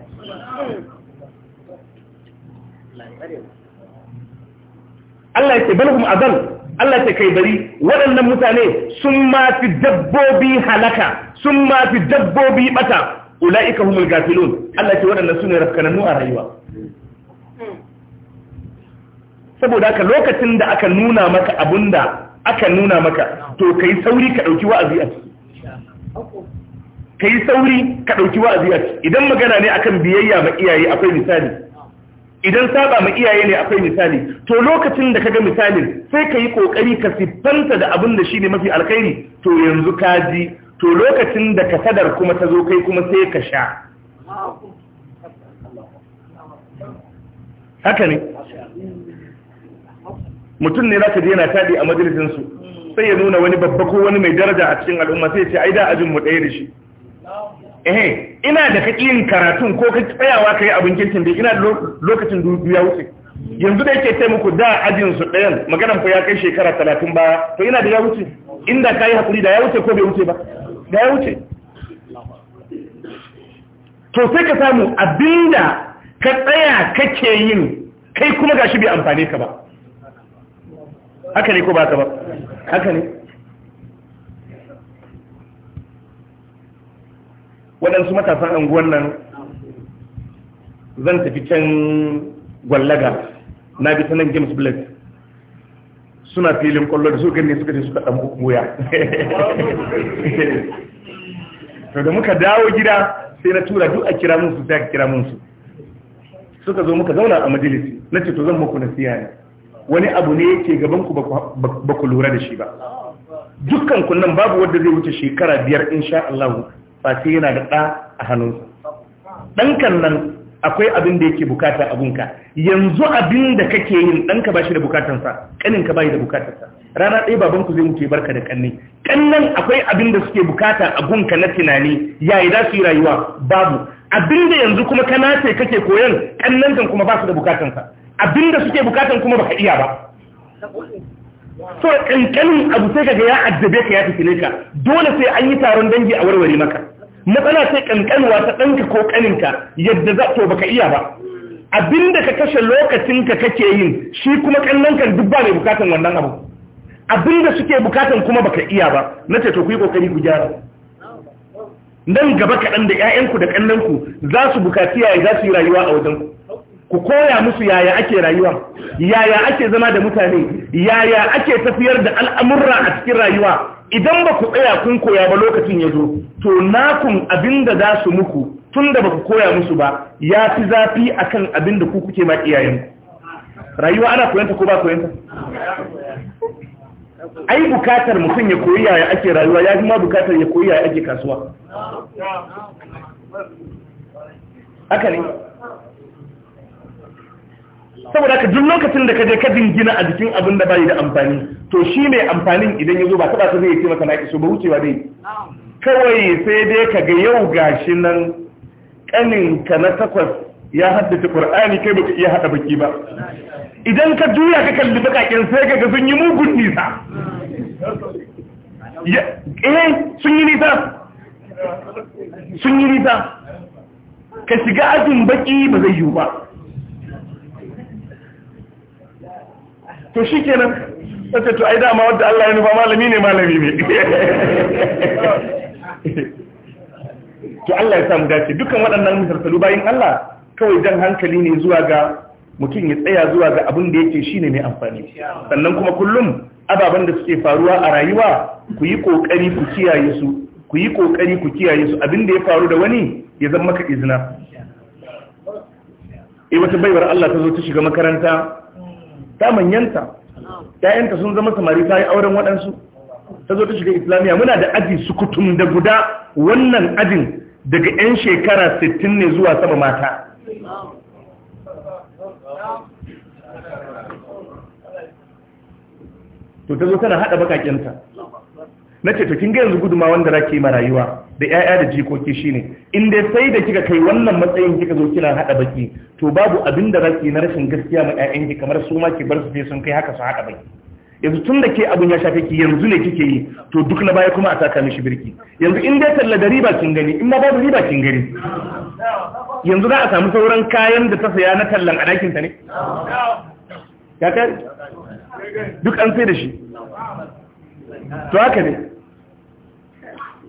Allah ya yake kuma azal, Allah ya kai bari waɗannan mutane sun ma fi dabbobi halaka sun ma fi dabbobi bata ula'ika humul gafilun Allah ce waɗannan su ne rafkanannu a rayuwa saboda haka lokacin da aka nuna maka abunda aka nuna maka to kai sauri ka ɗauki wa'azi a ciki kai sauri ka ɗauki wa'azi a ciki idan magana ne akan biyayya ma iyaye akwai misali idan saba ma iyaye ne akwai misali to lokacin da kaga misalin sai kai kokari ka siffanta da abin da shi ne mafi alkhairi to yanzu ka ji to lokacin da kasadar kuma ta zo kai kuma sai ka sha haka ne mutum ne za ka je taɗi a majalisinsu sai ya nuna wani babba ko wani mai daraja a cikin al'umma sai ce ai da ajin mu ɗaya da shi eh ina da yin karatun ko ka tsayawa ka yi abin kirkin da ina lokacin dubu ya wuce yanzu da yake ce muku da ajin su ɗayan maganan ku ya kai shekara talatin ba to ina da ya wuce inda ka yi haƙuri da ya wuce ko bai wuce ba da ya wuce to sai ka samu abinda ka tsaya kake yin kai kuma gashi bai amfane ka ba haka ne ko ba ka ba haka ne waɗansu matasan anguwan nan zan tafi can gwallaga na bi nan james blake suna filin kwallo da su gani suka ce suka dan buya to da muka dawo gida sai na tura duk a kira mun sai aka kira mun suka zo muka zauna a majalisi na ce to zan muku nasiha ne wani abu ne yake gaban ku ba ku lura da shi ba dukkan ku babu wanda zai wuce shekara biyar insha Allah ba sai yana da ɗa a hannunsa kan nan akwai abin da yake bukata abunka yanzu abin da kake yin ɗanka ba shi da bukatansa ƙaninka ba yi da bukatarsa rana ɗaya babanku zai mutu barka da ƙanni ƙannan akwai abin da suke bukata abunka na tunani ya yi za su yi rayuwa babu abin da yanzu kuma kana ce kake koyon ƙannan kan kuma ba su da bukatansa abin da suke bukatan kuma baka iya ba so ƙanƙanin abu sai kaga ya addabe ka ya tafi ka dole sai an yi taron dangi a warware maka matsala sai kankanwa ta ɗanka ko ƙaninka yadda za to baka iya ba abinda ka kashe lokacinka kake yin shi kuma ƙannankan duk ba mai bukatan wannan abu abinda suke bukatan kuma baka iya ba na ce to ku yi kokari ku gyara nan gaba kaɗan da 'ya'yanku da ƙannanku za su bukaci yaya za su yi rayuwa a wajen ku koya musu yaya ake rayuwa yaya ake zama da mutane yaya ake tafiyar da al'amurra a cikin rayuwa idan ba ku tsaya kun koya ba lokacin ya zo to nakun abin da za su muku tun da ba ku koya musu ba ya fi zafi kan abin da ku kuke ma iyayenku rayuwa ana koyanta ko ba koyanta ai bukatar mutum ya koyi yaya ake rayuwa ya fi ma bukatar ya koyi yaya ake kasuwa haka ne saboda ka duk lokacin da ka je ka dingina a jikin abin da bai da amfani to shi ne amfanin idan ya zo ba taɓa ka zai ce maka naƙi so ba wucewa dai kawai sai dai ka ga yau gashi nan kanin ka na takwas ya haddace ƙur'ani kai baka iya haɗa baki ba idan ka juya ka kalli baƙaƙen sai ka ga sun yi mugun nisa eh sun yi nisa sun yi nisa ka shiga ajin baki ba zai yiwu ba to shi kenan sace to ai dama wadda Allah ya nufa malami ne malami ne to Allah ya samu dace dukan waɗannan misalsalu bayin Allah kawai dan hankali ne zuwa ga mutum ya tsaya zuwa ga abin da yake shine mai amfani sannan kuma kullum ababen da suke faruwa a rayuwa ku yi kokari ku kiyaye su ku yi kokari ku kiyaye su abin da ya faru da wani ya zama maka izina eh wata baiwar Allah ta zo ta shiga makaranta ta manyanta ƴaƴanta sun zama samari ta yi auren waɗansu ta zo ta shiga islamiyya muna da aji su sukutum da guda wannan ajin daga 'yan shekara 60 ne zuwa sama mata to ta zo tana haɗa bakakenta na ce to kin ga yanzu guduma wanda rake ma rayuwa da ƴaƴa da jikoki shine in dai sai da kika kai wannan matsayin kika zo kina hada baki to babu abin da zaki na rashin gaskiya ma ki kamar su ma ki bar su sai sun kai haka su hada baki yanzu tun da ke abin ya shafe ki yanzu ne kike yi to duk na baya kuma a taka mishi birki yanzu in dai talla da riba kin gani in ma babu riba kin gani yanzu za a samu sauran kayan da ta saya na tallan a dakin ta ne duk an sai da shi to haka ne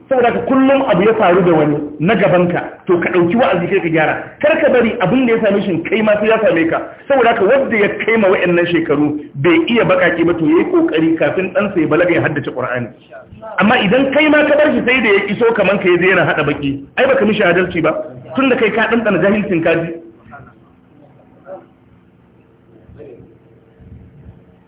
saboda ka kullum abu ya faru da wani na gabanka to ka ɗauki wa'azi kai ka gyara kar ka bari abin da ya same shi kai ma sai ya same ka saboda ka wanda ya kai ma wayannan shekaru bai iya bakake ba to yayi kokari kafin dan sai ya balaga ya haddace Qur'ani amma idan kai ma ka bar shi sai da ya iso kaman ka yaje yana hada baki ai baka mishi adalci ba tunda kai ka dan dan jahilcin ka ji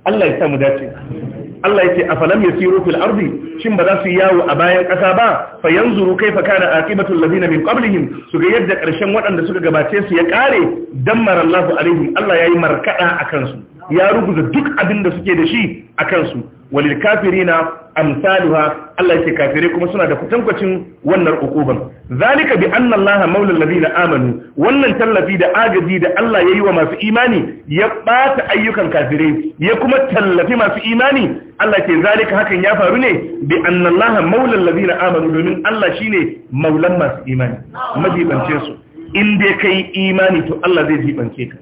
Allah ya sa dace Allah ya yake afalam yasiru fil ardi shin ba za su yawo a bayan ƙasa ba fa yanzu yanzuru kaifa kana aqibatul ladina min qablihim su ga yadda ƙarshen waɗanda suka gabace su ya ƙare dammara Allahu alaihim Allah yi markaɗa a kansu ya ruguza duk abin da suke da shi a kansu. walil kafirina amsaluha Allah yake kafirai kuma suna da kutankwacin wannan ukuban zalika bi anna Allah maula alladhina amanu wannan tallafi da agaji da Allah yayi wa masu imani ya bata ayyukan kafirai ya kuma tallafi masu imani Allah ke zalika hakan ya faru ne bi anna Allah maula alladhina amanu domin Allah shine maulan masu imani majibance su in dai kai imani to Allah zai jibance ka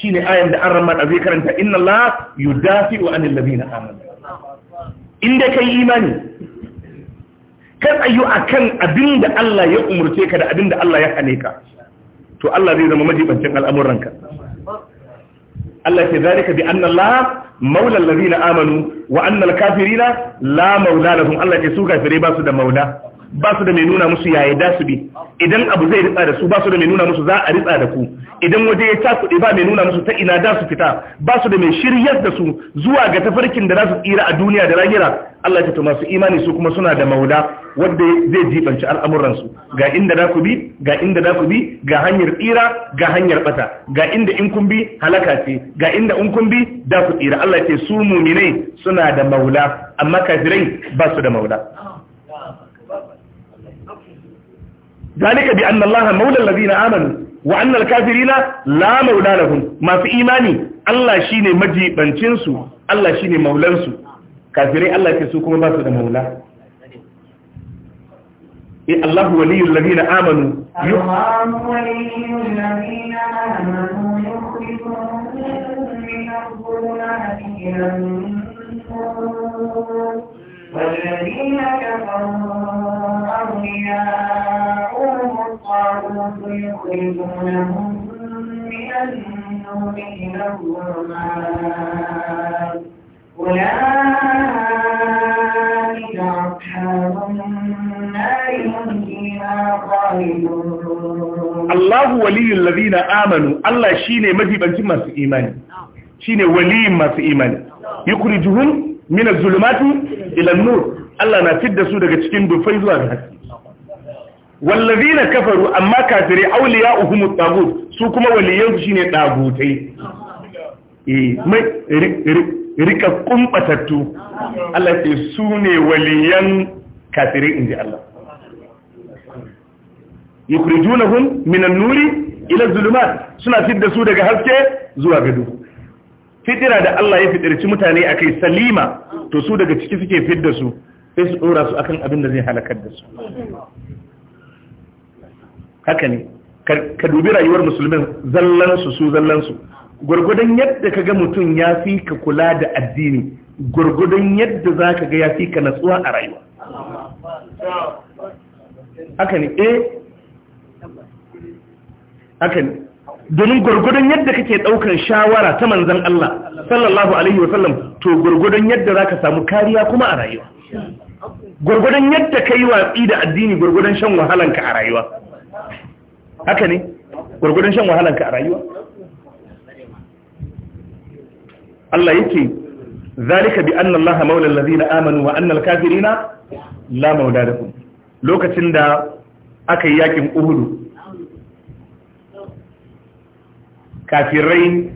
shine ayan da an ramma da zai karanta inna Allah yudafi'u anil ladina amanu inda yi imani ka tsayu akan abin da Allah ya umurce ka da abin da Allah ya hane ka to Allah zai zama majibancin al'amuranka Allah ke ka bi anna Allah maula amanu wa anna kafirina la maula lahum Allah ke su kafirai ba su da maula ba su da mai nuna musu yaya da su bi idan abu zai ritsa da su ba su da mai nuna musu za a ritsa da ku idan waje ya ta kuɗi ba mai nuna musu ta ina da su fita ba su da mai shiryar da su zuwa ga tafarkin da za su tsira a duniya da lahira Allah ya masu imani su kuma suna da maula wanda zai jibanci al'amuransu ga inda da ku bi ga inda da ku bi ga hanyar tsira ga hanyar bata ga inda in kun bi halaka ce ga inda in kun bi da ku tsira Allah ya ce su muminai suna da maula amma kafirai ba su da maula ذلك بأن الله مولى الذين آمنوا وأن الكافرين لا مولى لهم ما في إيماني الله شيني مجي بنشنسو الله شيني مولانسو كافرين الله كسوكم باسو دا مولا إيه الله ولي الذين آمنوا الله ولي الذين آمنوا يخرجون من الظلمات إلى النور والذين كفروا أولياؤهم الطاغوت يخرجونهم من النور إلى الظلمات أولئك أصحاب النار هم فيها خالدون الله ولي الذين آمنوا الله شيني مجيبا جمع في إيماني شيني ولي ما في إيماني يخرجهم min az ila nur Allah na fidda su daga cikin dufai zuwa ga haske wallazina kafaru amma kafiri awliya'uhum at-taghut su kuma waliyan su shine tagutai eh mai rika kumbatattu Allah ce su ne waliyan kafiri inji Allah yukhrijunahum min an-nuri ila az-zulumat suna fidda su daga haske zuwa ga duhu fitira da Allah ya fitirci mutane a kai salima to su daga ciki suke fidda su sai su dora su akan abin da zai halakar da su haka ne ka dubi rayuwar musulmin zallansu su zallansu. Gwargwadon yadda ka ga mutum ya fi ka kula da addini gwargwadon yadda za ka ga ya fi ka natsuwa a rayuwa haka ne eh haka ne domin gurgudun yadda kake ɗaukar shawara ta manzan Allah sallallahu alaihi wasallam to gurgudun yadda za ka samu kariya kuma a rayuwa gurgudun yadda ka yi watsi da addini gurgudun shan wahalanka a rayuwa haka ne gurgudun shan wahalanka a rayuwa Allah yake zalika bi anna Allah maula allazina amanu wa anna al-kafirina la maula lahum lokacin da aka yi yakin Uhudu. kafirai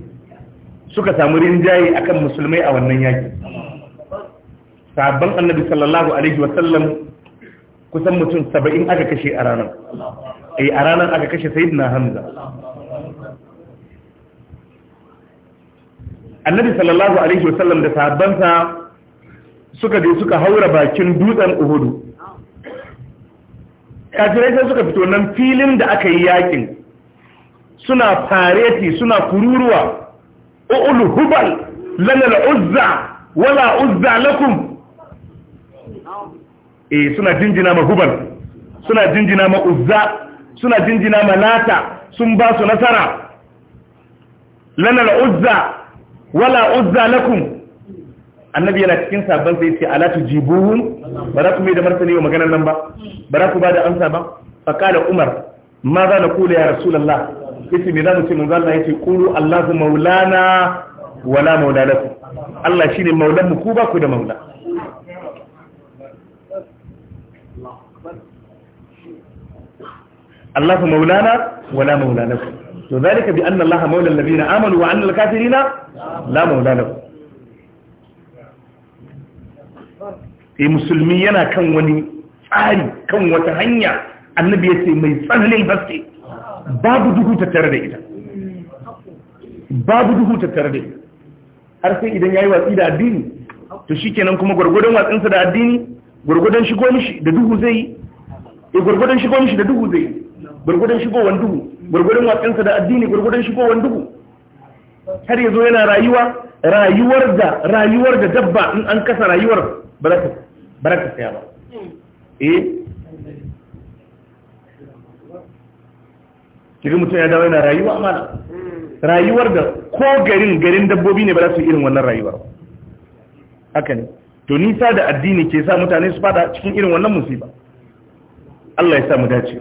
suka samu rinjaye akan musulmai a wannan yaki sabon annabi sallallahu alaihi wasallam kusan mutum saba'in aka kashe a ranar a eh, a ranar aka kashe sayidina hamza annabi sallallahu alaihi wasallam da sabonsa suka je suka haura bakin dutsen uhudu kafirai sai suka fito nan filin da aka yi yakin suna fareti suna kururuwa ulu hubal lana uzza wala uzza lakum eh suna jinjina ma hubal suna jinjina ma uzza suna jinjina ma lata sun ba su nasara lana uzza wala uzza lakum annabi yana cikin sabon zai ce Alatu tujibuhum Bara ku mai da martani wa maganar nan ba bara ku ba da amsa ba fa umar ma za na kula ya rasulullah ne me zamu ce manzo Allah yace qulu Allahu maulana wala maula lakum Allah shine maulan mu ku ba ku da maula Allahu maulana wala maula lakum to zalika bi anna Allah maula alladhina amanu wa anna al-kafirina la maula lahum eh musulmi yana kan wani tsari kan wata hanya annabi yace mai tsananin gaske babu duhu tattare da ita babu duhu tattare da ita har sai idan yayi watsi da addini to shikenan kuma gurgurdan watsinsa da addini gurgurdan shigo mishi da duhu zai yi e eh, gurgurdan shigo mishi da duhu zai yi gurgurdan shigowan duhu gurgurdan watsinsa da addini gurgurdan shigowan duhu har yazo yana rayuwa rayuwar da rayuwar da dabba in an kasa rayuwar ba za sai ba eh Kirin mutum ya dawo yana rayuwa mana hmm. rayuwar da ko garin garin dabbobi ne ba za su irin wannan rayuwar haka ne to nisa da addini ke sa mutane su fada cikin irin wannan musiba Allah ya sa mu dace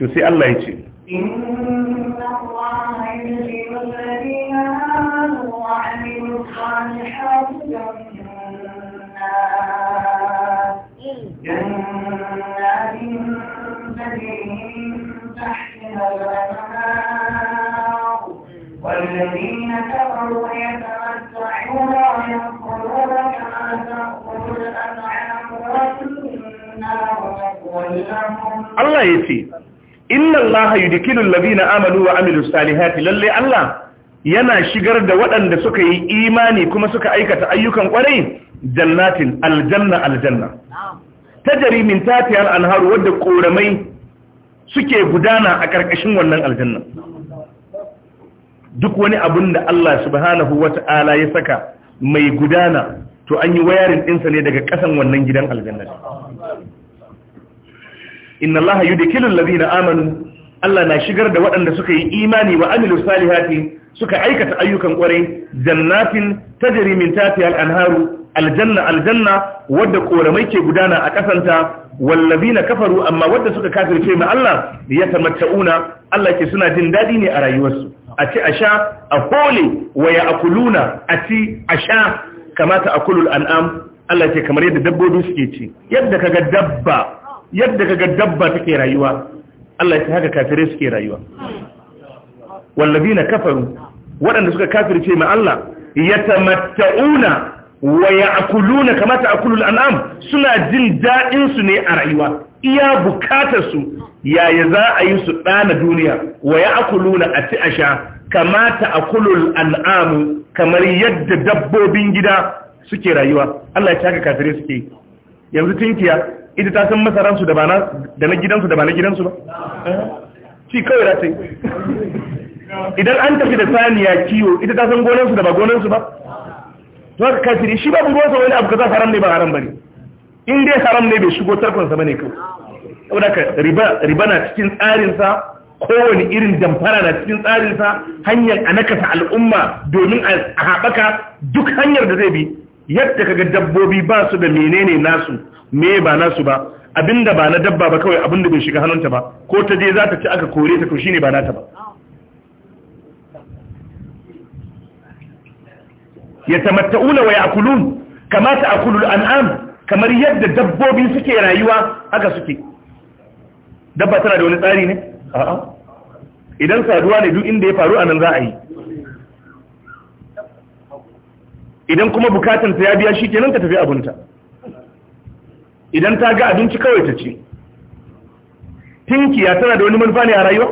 to sai Allah ya ce Yeah. فيها الأنهار والذين كفروا يتمتعون ويأكلون كما تأكل الأنعام Allah ya ce, Inna Allah yi dikilun labina amalu wa amilu salihati lalle Allah yana shigar da waɗanda suka yi imani kuma suka aikata ayyukan ƙwarai jannatin aljanna aljanna. Ta jarimin tatiyar anharu wadda ƙoramai suke gudana a ƙarƙashin wannan aljanna duk wani abin da Allah subhanahu wata'ala ya saka mai gudana to an yi wayarin ɗinsa ne daga ƙasan wannan gidan aljanna inna Allah yudkhilul ladina amanu Allah na shigar da waɗanda suka yi imani wa amilu salihati suka aikata ayyukan ƙwarai jannatin tajri min tahtiha al-anharu aljanna aljanna wadda koramai ke gudana a kasanta wallazina kafaru amma wadda suka kafirce ma Allah ya tamatta'una Allah ke suna jin daɗi ne a rayuwarsu a ci a sha a hole wa ya'kuluna a ci a sha kamata a akulul an'am Allah ke kamar yadda dabbobi suke ci yadda kaga dabba yadda kaga dabba take rayuwa Allah ya haka kafirai suke rayuwa wallazina kafaru waɗanda suka kafirce ma Allah ya tamatta'una wa ya'kuluna kama ta'kulu al'am suna jin daɗin su ne a rayuwa iya bukatar su yaya za a yi su ɗana duniya wa ya'kuluna ati asha kama ta'kulu an'am kamar yadda dabbobin gida suke rayuwa Allah ya taka kafire suke yanzu tinkiya ita ta san masaransu da ba na da na gidansu da ba na gidansu ba shi eh, kawai za ta idan an tafi da saniya kiwo ita ta san gonansu da ba gonansu ba Ka'aka kafiri shi babu ruwansa wani abu kaza haram ne ba haram bane in dai haram ne bai shigo tarkon sa bane kawai saboda ka riba riba na cikin tsarin sa kowane irin damfara na cikin tsarin sa hanyar nakasa al'umma domin a haɓaka duk hanyar da zai bi yadda kaga dabbobi ba su da menene nasu me ba nasu ba abinda ba na dabba ba kawai abinda bai shiga hannunta ba ko ta je za ta ci aka kore ta to shine ba nata ba yatamatta'una wa ya'kulun kama ta'kulu an'am kamar yadda dabbobi suke rayuwa haka suke dabba tana da wani tsari ne a'a idan saduwa ne duk inda ya faru anan za a yi idan kuma bukatansa ya biya shi kenan ta tafi abunta idan ta ga abinci kawai ta ce tinkiya tana da wani manufa ne a rayuwa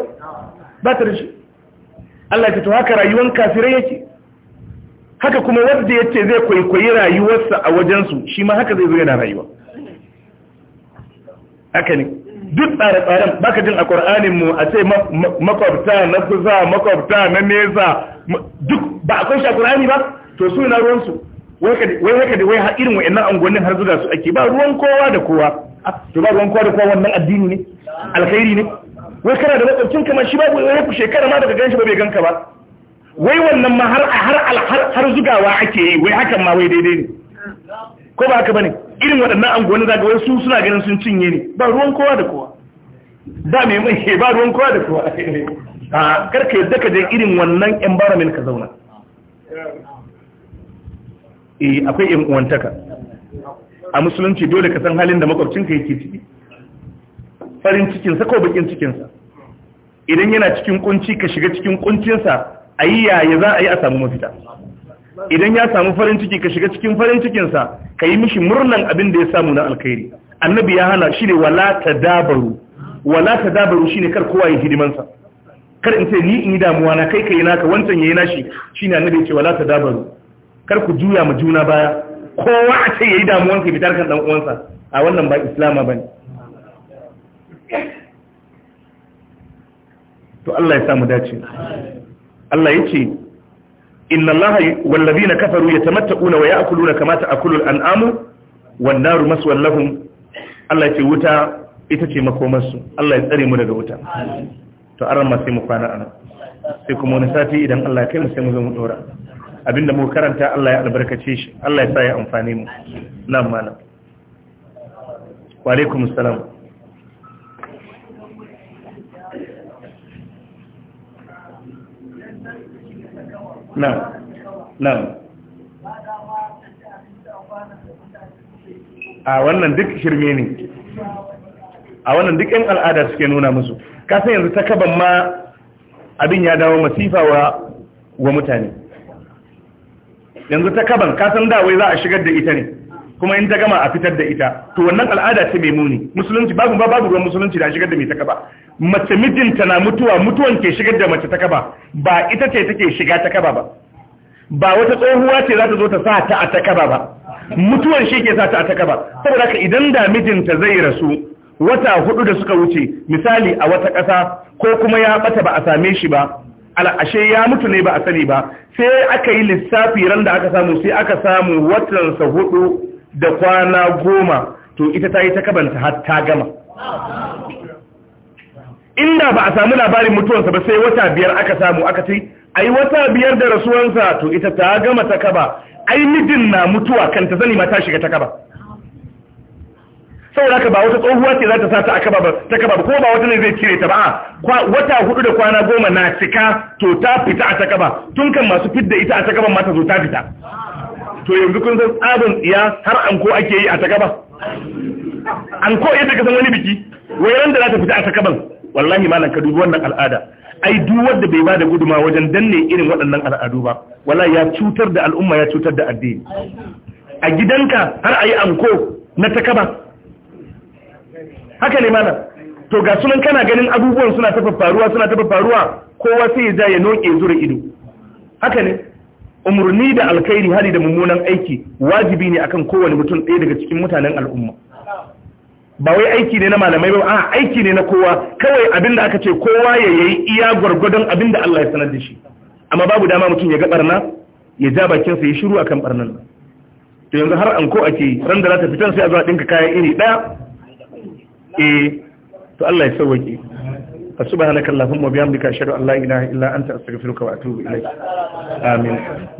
ba ta da shi Allah ya to haka rayuwan kafirai yake haka kuma wanda ya ce zai kwaikwayi rayuwarsa a wajensu shi ma haka zai zo yana rayuwa haka ne duk tsare-tsaren baka jin a ƙwar'aninmu a ce makwabta na kusa makwabta na nesa duk ba akwai shi a ƙwar'ani ba to su na ruwansu wai haka da wai har irin wa'annan angonin har zuga su ake ba ruwan kowa da kowa ah, to ba ruwan kowa da kowa wannan addini ne alkhairi ne wai kana da makwabcin kamar shi ba wai ku shekara ma daga ganshi ba bai ganka ba wai wannan ma har har har zugawa ake yi wai hakan ma wai daidai ne ko ba haka bane irin waɗannan anguwanni zaga wai su suna ganin sun cinye ne ba ruwan kowa da kowa da mai mai eh, ba ruwan kowa da kowa a ah, karka yadda ka je irin wannan environment ka zauna eh akwai yan uwantaka a musulunci dole ka san halin da ka yake ciki farin cikinsa ko bakin cikinsa idan yana cikin kunci ka shiga cikin kuncinsa a yi yaya za a yi a samu mafita idan ya samu farin ciki ka shiga cikin farin cikinsa ka yi mishi murnan abin da ya samu na alkhairi annabi ya hana shi ne wala ta dabaru wala ta dabaru shi ne kar kowa ya hidimansa kar in ce ni in yi damuwa na kai ka yi naka wancan ya yi nashi shi ne annabi ce wala ta dabaru kar ku juya ma juna baya kowa a ce ya yi damuwan ya fitar kan dan uwansa a wannan ba islama ba ne to Allah ya samu dace Allah ya ce inna Allah wallabi na kafaru ya tamattauna wa ya'kuluna kama ta'kulu an wan naru maswan lahum Allah ya ce wuta ita ce makomarsu Allah ya tsare mu daga wuta to aran ma sai mu kwana ana sai kuma wani sati idan Allah ya kai mu sai mu zo mu dora abinda mu karanta Allah ya albarkace shi Allah ya sa ya amfane mu Nan malam wa alaikumus salam a wannan duk shirme ne a wannan duk yan al'ada suke nuna musu kasan yanzu ta kaban ma abin ya dawo masifa wa wa mutane yanzu ta kaban kasan dawai za a shigar da ita ne kuma in ta gama a fitar da ita to wannan al'ada ce mai muni musulunci babu ba babu ruwan musulunci da shigar da mai ta kaba mace mijinta na mutuwa mutuwan ke shigar da mace ta kaba ba ita ce take shiga ta kaba ba ba wata tsohuwa ce za ta zo ta sa ta a ta kaba ba mutuwan shi ke sa ta a ta kaba saboda haka idan da mijinta zai rasu wata hudu da suka wuce misali a wata ƙasa ko kuma ya bata ba a same shi ba al'ashe ya mutu ne ba a sani ba sai aka yi lissafi ran da aka samu sai aka samu watansa hudu da kwana goma to ita ta yi ta kabanta har ta gama inda ba a samu labarin mutuwansa ba sai wata biyar aka samu aka ce ai wata biyar da rasuwansa to ita ta gama ta kaba ai mijin na mutuwa kan ta zani ma ta shiga ta kaba saboda haka ba wata tsohuwa ce za ta sata ba ta kaba ba ko ba wata ne zai cire ta ba wata hudu da kwana goma na cika to ta fita a ta kaba tun kan masu fidda ita a ta kaban ma ta zo ta fita to yanzu kun san tsarin tsiya har an ko ake yi a ta kaba an ko yadda ka san wani biki wai ran da za ta fita a ta kaban wallahi malam ka wannan al'ada ai duk wanda bai bada guduma wajen danne irin waɗannan al'adu ba wallahi ya cutar da al'umma ya cutar da addini a gidanka har ayi anko na takaba haka ne malam to ga sunan kana ganin abubuwan suna ta faruwa suna ta faruwa kowa sai ya ja ya noke zura ido haka ne umurni da alkhairi hali da mummunan aiki wajibi ne akan kowane mutum ɗaya daga cikin mutanen al'umma ba wai aiki ne na malamai ba a aiki ne na kowa kawai abinda aka ce kowa ya yi iya gwargwadon abinda Allah ya sanar da shi amma babu dama mutum ya ga barna ya ja bakinsa ya shiru akan barnan to yanzu har anko ake ran da za ta fita sai a a dinka kaya iri daya eh to Allah ya sauwake subhanakallahumma wa bihamdika ashhadu an la ilaha illa anta astaghfiruka wa atubu ilaik amin